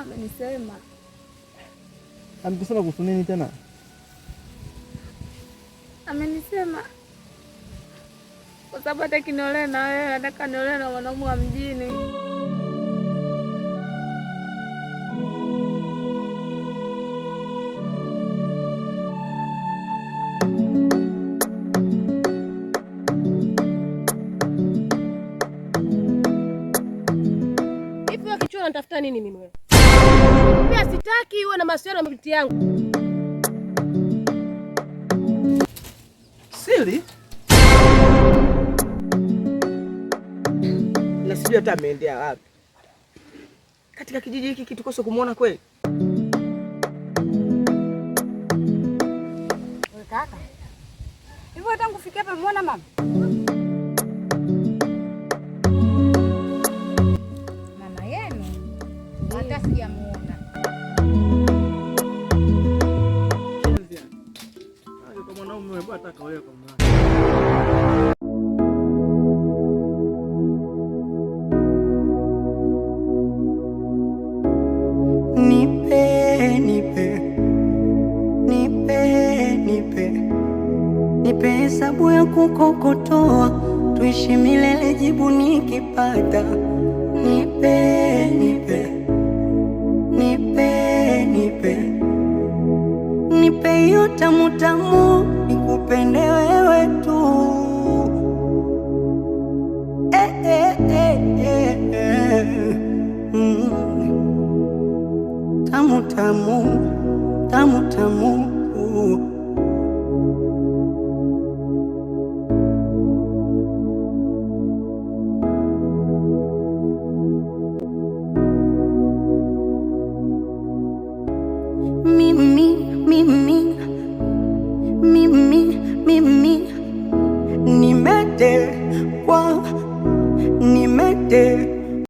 amenisema. Amekusema kuhusu nini tena? Amenisema kwa sababu hata kiniolee na wewe, nataka niolee na mwanaume wa mjini. Hivi nini mimi wewe? Pia sitaki uwe na masuala na binti yangu. Siri? Na sijui hata ameendea wapi. Katika kijiji hiki kitu kosa kumwona kweli. kaka. Hivyo tangu fikia hapa muona mama? maana sijamuona. Nipe, nipe, nipe, nipe, hesabu ya kukokotoa tuishi milele, jibu nikipata nipe nipe, nipe hiyo tamu tamu, nikupende wewe tu eh, eh, eh, eh, eh. Mm. Tamu tamu tamu mimi